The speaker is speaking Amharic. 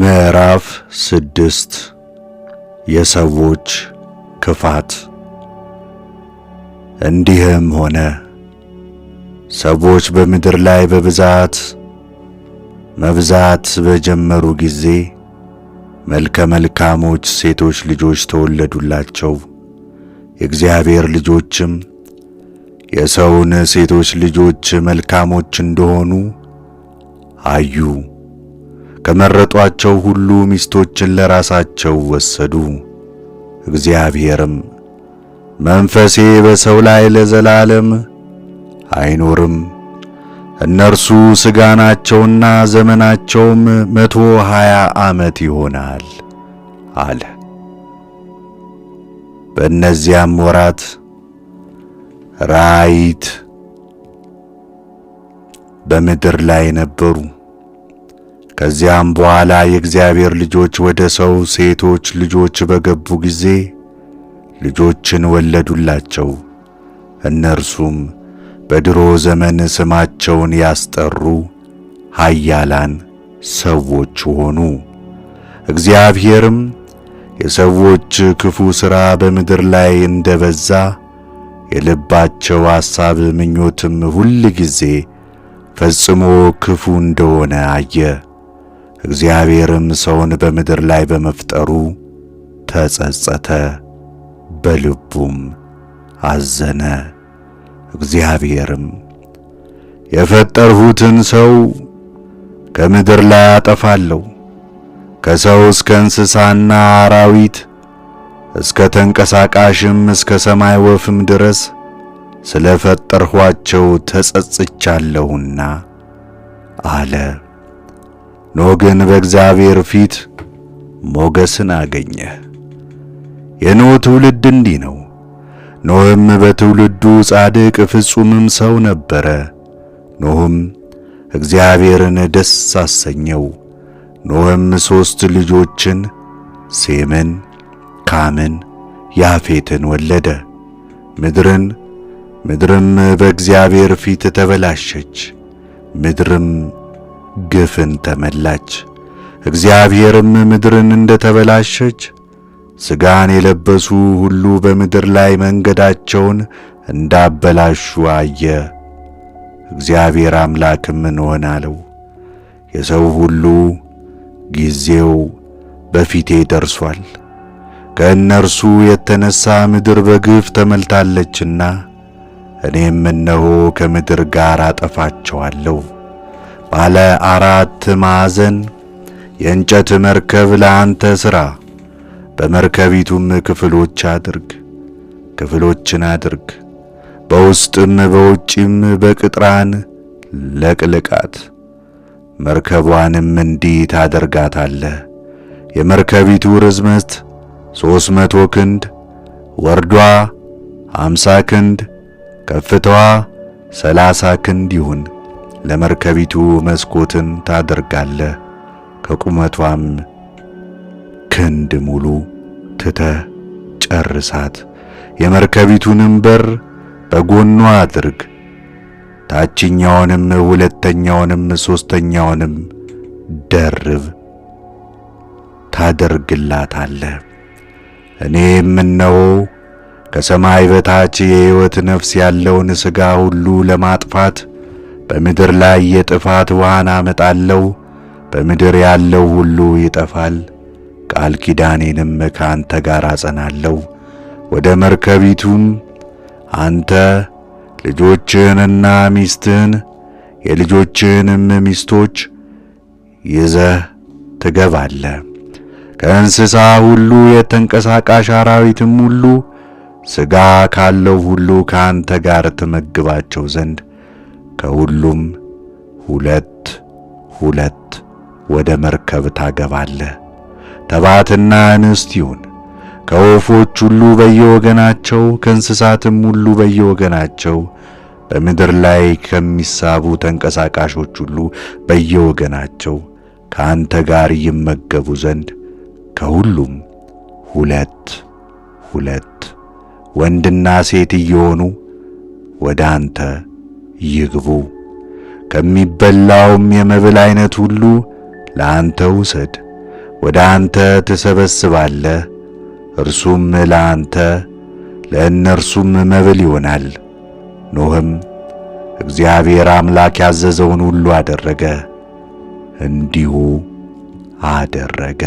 ምዕራፍ ስድስት የሰዎች ክፋት። እንዲህም ሆነ ሰዎች በምድር ላይ በብዛት መብዛት በጀመሩ ጊዜ መልከ መልካሞች ሴቶች ልጆች ተወለዱላቸው። የእግዚአብሔር ልጆችም የሰውን ሴቶች ልጆች መልካሞች እንደሆኑ አዩ። ከመረጧቸው ሁሉ ሚስቶችን ለራሳቸው ወሰዱ። እግዚአብሔርም መንፈሴ በሰው ላይ ለዘላለም አይኖርም፣ እነርሱ ሥጋ ናቸውና ዘመናቸውም መቶ ሃያ ዓመት ይሆናል አለ። በእነዚያም ወራት ራይት በምድር ላይ ነበሩ። ከዚያም በኋላ የእግዚአብሔር ልጆች ወደ ሰው ሴቶች ልጆች በገቡ ጊዜ ልጆችን ወለዱላቸው። እነርሱም በድሮ ዘመን ስማቸውን ያስጠሩ ኃያላን ሰዎች ሆኑ። እግዚአብሔርም የሰዎች ክፉ ሥራ በምድር ላይ እንደበዛ የልባቸው ሐሳብ ምኞትም ሁል ጊዜ ፈጽሞ ክፉ እንደሆነ አየ። እግዚአብሔርም ሰውን በምድር ላይ በመፍጠሩ ተጸጸተ፣ በልቡም አዘነ። እግዚአብሔርም የፈጠርሁትን ሰው ከምድር ላይ አጠፋለሁ፣ ከሰው እስከ እንስሳና አራዊት እስከ ተንቀሳቃሽም እስከ ሰማይ ወፍም ድረስ ስለ ፈጠርኋቸው ተጸጽቻለሁና አለ። ኖኅ ግን በእግዚአብሔር ፊት ሞገስን አገኘ። የኖኅ ትውልድ እንዲህ ነው። ኖህም በትውልዱ ጻድቅ ፍጹምም ሰው ነበረ። ኖህም እግዚአብሔርን ደስ አሰኘው። ኖህም ሦስት ልጆችን ሴምን፣ ካምን፣ ያፌትን ወለደ። ምድርን ምድርም በእግዚአብሔር ፊት ተበላሸች። ምድርም ግፍን ተመላች። እግዚአብሔርም ምድርን እንደ ተበላሸች ሥጋን የለበሱ ሁሉ በምድር ላይ መንገዳቸውን እንዳበላሹ አየ። እግዚአብሔር አምላክም እንሆን አለው፣ የሰው ሁሉ ጊዜው በፊቴ ደርሷል፣ ከእነርሱ የተነሣ ምድር በግፍ ተመልታለችና እኔም እነሆ ከምድር ጋር አጠፋቸዋለሁ ባለ አራት ማዕዘን የእንጨት መርከብ ለአንተ ሥራ። በመርከቢቱም ክፍሎች አድርግ ክፍሎችን አድርግ። በውስጥም በውጪም በቅጥራን ለቅልቃት። መርከቧንም እንዲህ ታደርጋታለህ። የመርከቢቱ ርዝመት ሦስት መቶ ክንድ ወርዷ አምሳ ክንድ ከፍታዋ ሰላሳ ክንድ ይሁን። ለመርከቢቱ መስኮትን ታደርጋለህ። ከቁመቷም ክንድ ሙሉ ትተህ ጨርሳት። የመርከቢቱንም በር በጎኗ አድርግ። ታችኛውንም ሁለተኛውንም ሦስተኛውንም ደርብ ታደርግላታለህ። እኔም እነሆ ከሰማይ በታች የሕይወት ነፍስ ያለውን ሥጋ ሁሉ ለማጥፋት በምድር ላይ የጥፋት ውሃን አመጣለሁ፣ በምድር ያለው ሁሉ ይጠፋል። ቃል ኪዳኔንም ከአንተ ጋር አጸናለሁ፣ ወደ መርከቢቱም አንተ ልጆችህንና ሚስትህን የልጆችህንም ሚስቶች ይዘህ ትገባለ። ከእንስሳ ሁሉ የተንቀሳቃሽ አራዊትም ሁሉ ሥጋ ካለው ሁሉ ከአንተ ጋር ትመግባቸው ዘንድ ከሁሉም ሁለት ሁለት ወደ መርከብ ታገባለህ። ተባትና እንስት ይሁን። ከወፎች ሁሉ በየወገናቸው ከእንስሳትም ሁሉ በየወገናቸው በምድር ላይ ከሚሳቡ ተንቀሳቃሾች ሁሉ በየወገናቸው ከአንተ ጋር ይመገቡ ዘንድ ከሁሉም ሁለት ሁለት ወንድና ሴት እየሆኑ ወደ አንተ ይግቡ። ከሚበላውም የመብል አይነት ሁሉ ለአንተ ውሰድ፣ ወደ አንተ ትሰበስባለህ፣ እርሱም ለአንተ ለእነርሱም መብል ይሆናል። ኖህም እግዚአብሔር አምላክ ያዘዘውን ሁሉ አደረገ፣ እንዲሁ አደረገ።